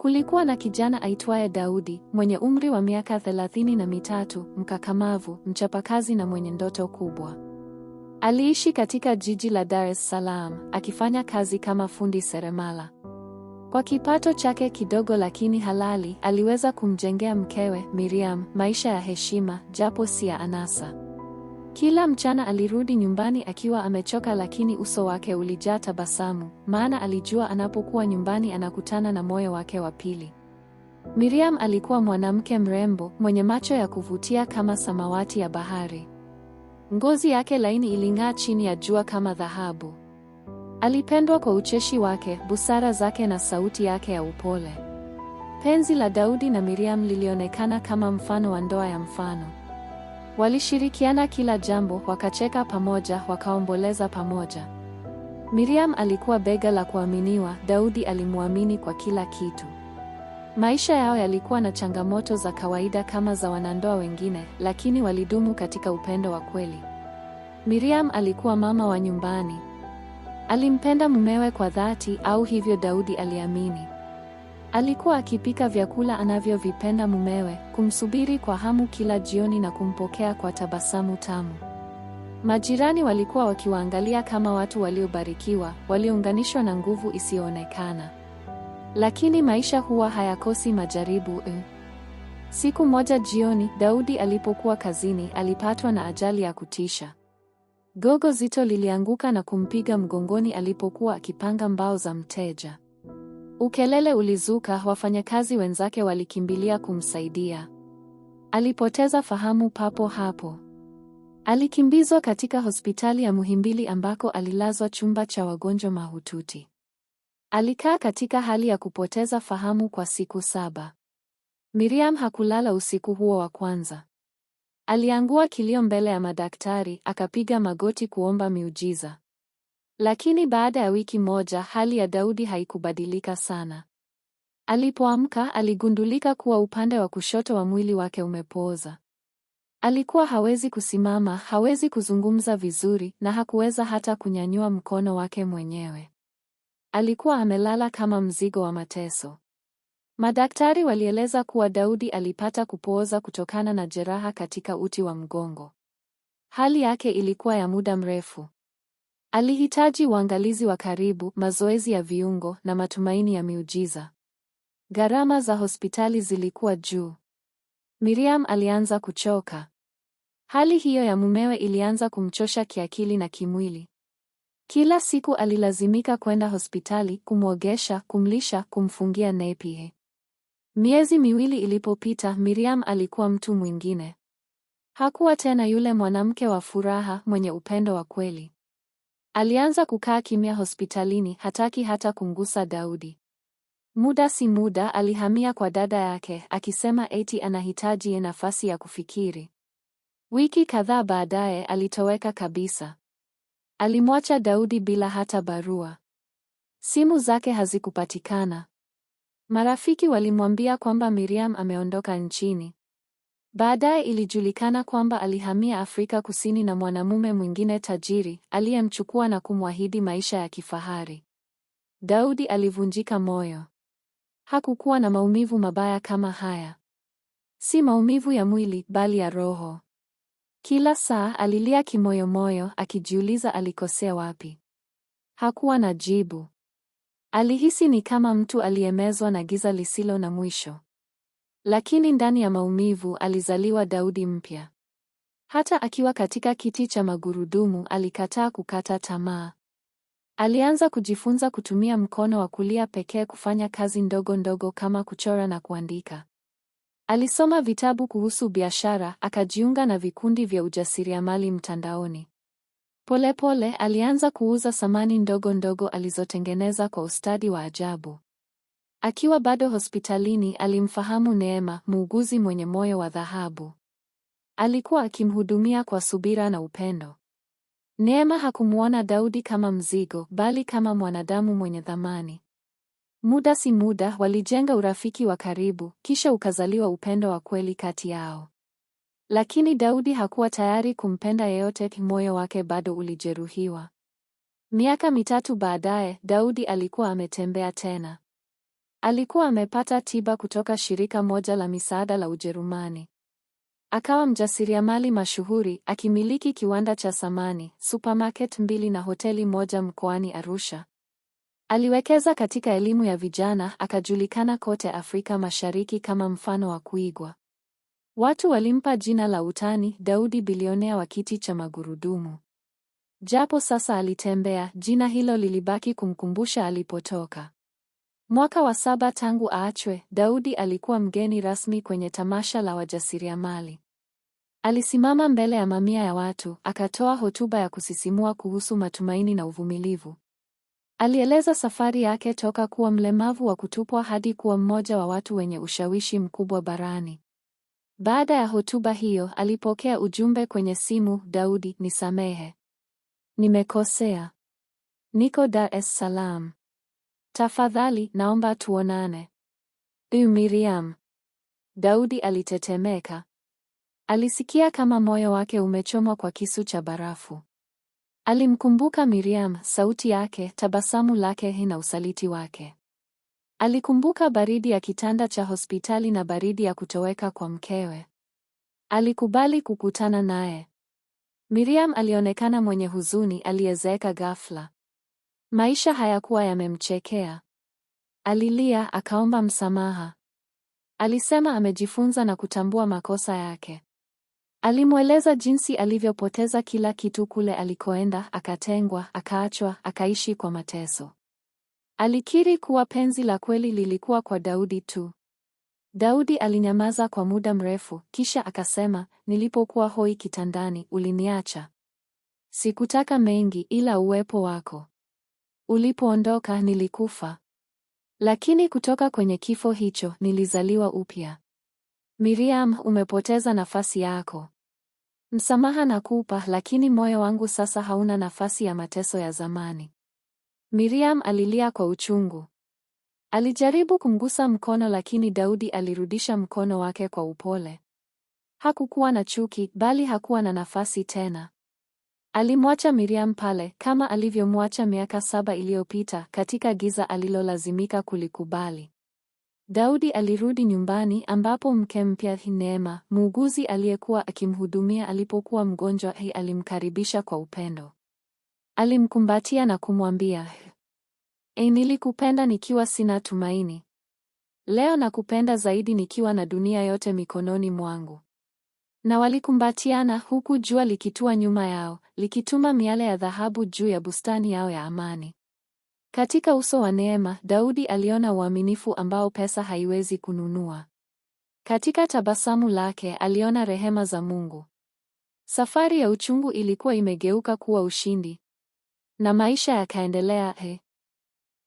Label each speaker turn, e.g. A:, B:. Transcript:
A: Kulikuwa na kijana aitwaye Daudi mwenye umri wa miaka thelathini na mitatu, mkakamavu, mchapakazi na mwenye ndoto kubwa. Aliishi katika jiji la Dar es Salaam akifanya kazi kama fundi seremala. Kwa kipato chake kidogo lakini halali, aliweza kumjengea mkewe Miriam maisha ya heshima, japo si ya anasa. Kila mchana alirudi nyumbani akiwa amechoka, lakini uso wake ulijaa tabasamu, maana alijua anapokuwa nyumbani anakutana na moyo wake wa pili. Miriam alikuwa mwanamke mrembo mwenye macho ya kuvutia kama samawati ya bahari. Ngozi yake laini iling'aa chini ya jua kama dhahabu. Alipendwa kwa ucheshi wake, busara zake na sauti yake ya upole. Penzi la Daudi na Miriam lilionekana kama mfano wa ndoa ya mfano. Walishirikiana kila jambo, wakacheka pamoja, wakaomboleza pamoja. Miriam alikuwa bega la kuaminiwa, Daudi alimwamini kwa kila kitu. Maisha yao yalikuwa na changamoto za kawaida kama za wanandoa wengine, lakini walidumu katika upendo wa kweli. Miriam alikuwa mama wa nyumbani. Alimpenda mumewe kwa dhati, au hivyo Daudi aliamini. Alikuwa akipika vyakula anavyovipenda mumewe, kumsubiri kwa hamu kila jioni na kumpokea kwa tabasamu tamu. Majirani walikuwa wakiwaangalia kama watu waliobarikiwa, waliounganishwa na nguvu isiyoonekana. Lakini maisha huwa hayakosi majaribu. Eh. Siku moja jioni, Daudi alipokuwa kazini, alipatwa na ajali ya kutisha. Gogo zito lilianguka na kumpiga mgongoni alipokuwa akipanga mbao za mteja. Ukelele ulizuka, wafanyakazi wenzake walikimbilia kumsaidia. Alipoteza fahamu papo hapo. Alikimbizwa katika hospitali ya Muhimbili ambako alilazwa chumba cha wagonjwa mahututi. Alikaa katika hali ya kupoteza fahamu kwa siku saba. Miriam hakulala usiku huo wa kwanza. Aliangua kilio mbele ya madaktari, akapiga magoti kuomba miujiza. Lakini baada ya wiki moja hali ya Daudi haikubadilika sana. Alipoamka aligundulika kuwa upande wa kushoto wa mwili wake umepooza. Alikuwa hawezi kusimama, hawezi kuzungumza vizuri na hakuweza hata kunyanyua mkono wake mwenyewe. Alikuwa amelala kama mzigo wa mateso. Madaktari walieleza kuwa Daudi alipata kupooza kutokana na jeraha katika uti wa mgongo. Hali yake ilikuwa ya muda mrefu. Alihitaji uangalizi wa karibu, mazoezi ya viungo na matumaini ya miujiza. Gharama za hospitali zilikuwa juu. Miriam alianza kuchoka. Hali hiyo ya mumewe ilianza kumchosha kiakili na kimwili. Kila siku alilazimika kwenda hospitali, kumwogesha, kumlisha, kumfungia nepi. Miezi miwili ilipopita, Miriam alikuwa mtu mwingine. Hakuwa tena yule mwanamke wa furaha mwenye upendo wa kweli. Alianza kukaa kimya hospitalini, hataki hata kumgusa Daudi. Muda si muda alihamia kwa dada yake akisema eti anahitaji nafasi ya kufikiri. Wiki kadhaa baadaye alitoweka kabisa. Alimwacha Daudi bila hata barua. Simu zake hazikupatikana. Marafiki walimwambia kwamba Miriam ameondoka nchini. Baadaye ilijulikana kwamba alihamia Afrika Kusini na mwanamume mwingine tajiri aliyemchukua na kumwahidi maisha ya kifahari. Daudi alivunjika moyo. Hakukuwa na maumivu mabaya kama haya. Si maumivu ya mwili bali ya roho. Kila saa alilia kimoyomoyo akijiuliza alikosea wapi. Hakuwa na jibu. Alihisi ni kama mtu aliyemezwa na giza lisilo na mwisho. Lakini ndani ya maumivu alizaliwa Daudi mpya. Hata akiwa katika kiti cha magurudumu alikataa kukata tamaa. Alianza kujifunza kutumia mkono wa kulia pekee kufanya kazi ndogo ndogo kama kuchora na kuandika. Alisoma vitabu kuhusu biashara, akajiunga na vikundi vya ujasiriamali mtandaoni. Polepole pole, alianza kuuza samani ndogo ndogo alizotengeneza kwa ustadi wa ajabu. Akiwa bado hospitalini alimfahamu Neema, muuguzi mwenye moyo wa dhahabu. Alikuwa akimhudumia kwa subira na upendo. Neema hakumwona Daudi kama mzigo, bali kama mwanadamu mwenye thamani. Muda si muda walijenga urafiki wa karibu, kisha ukazaliwa upendo wa kweli kati yao. Lakini Daudi hakuwa tayari kumpenda yeyote, moyo wake bado ulijeruhiwa. Miaka mitatu baadaye, Daudi alikuwa ametembea tena. Alikuwa amepata tiba kutoka shirika moja la misaada la Ujerumani. Akawa mjasiriamali mashuhuri akimiliki kiwanda cha samani, supermarket mbili na hoteli moja mkoani Arusha. Aliwekeza katika elimu ya vijana, akajulikana kote Afrika Mashariki kama mfano wa kuigwa. Watu walimpa jina la utani, Daudi bilionea wa kiti cha magurudumu. Japo sasa alitembea, jina hilo lilibaki kumkumbusha alipotoka. Mwaka wa saba tangu aachwe, Daudi alikuwa mgeni rasmi kwenye tamasha la wajasiriamali. Alisimama mbele ya mamia ya watu, akatoa hotuba ya kusisimua kuhusu matumaini na uvumilivu. Alieleza safari yake toka kuwa mlemavu wa kutupwa hadi kuwa mmoja wa watu wenye ushawishi mkubwa barani. Baada ya hotuba hiyo, alipokea ujumbe kwenye simu: Daudi, nisamehe, nimekosea, niko Dar es Salaam, Tafadhali naomba tuonane. uu Miriam. Daudi alitetemeka. Alisikia kama moyo wake umechomwa kwa kisu cha barafu. Alimkumbuka Miriam, sauti yake, tabasamu lake na usaliti wake. Alikumbuka baridi ya kitanda cha hospitali na baridi ya kutoweka kwa mkewe. Alikubali kukutana naye. Miriam alionekana mwenye huzuni, aliyezeeka ghafla. Maisha hayakuwa yamemchekea. Alilia akaomba msamaha. Alisema amejifunza na kutambua makosa yake. Alimweleza jinsi alivyopoteza kila kitu kule alikoenda, akatengwa, akaachwa, akaishi kwa mateso. Alikiri kuwa penzi la kweli lilikuwa kwa Daudi tu. Daudi alinyamaza kwa muda mrefu, kisha akasema, nilipokuwa hoi kitandani, uliniacha. Sikutaka mengi ila uwepo wako. Ulipoondoka nilikufa, lakini kutoka kwenye kifo hicho nilizaliwa upya. Miriam, umepoteza nafasi yako. Msamaha nakupa, lakini moyo wangu sasa hauna nafasi ya mateso ya zamani. Miriam alilia kwa uchungu. Alijaribu kumgusa mkono, lakini Daudi alirudisha mkono wake kwa upole. Hakukuwa na chuki, bali hakuwa na nafasi tena. Alimwacha Miriam pale kama alivyomwacha miaka saba iliyopita katika giza alilolazimika kulikubali. Daudi alirudi nyumbani ambapo mke mpya Neema, muuguzi aliyekuwa akimhudumia alipokuwa mgonjwa, hii alimkaribisha kwa upendo. Alimkumbatia na kumwambia, E, nilikupenda nikiwa sina tumaini. Leo nakupenda zaidi nikiwa na dunia yote mikononi mwangu na walikumbatiana huku jua likitua nyuma yao, likituma miale ya dhahabu juu ya bustani yao ya amani. Katika uso wa Neema, Daudi aliona uaminifu ambao pesa haiwezi kununua. Katika tabasamu lake aliona rehema za Mungu. Safari ya uchungu ilikuwa imegeuka kuwa ushindi, na maisha yakaendelea. He, eh,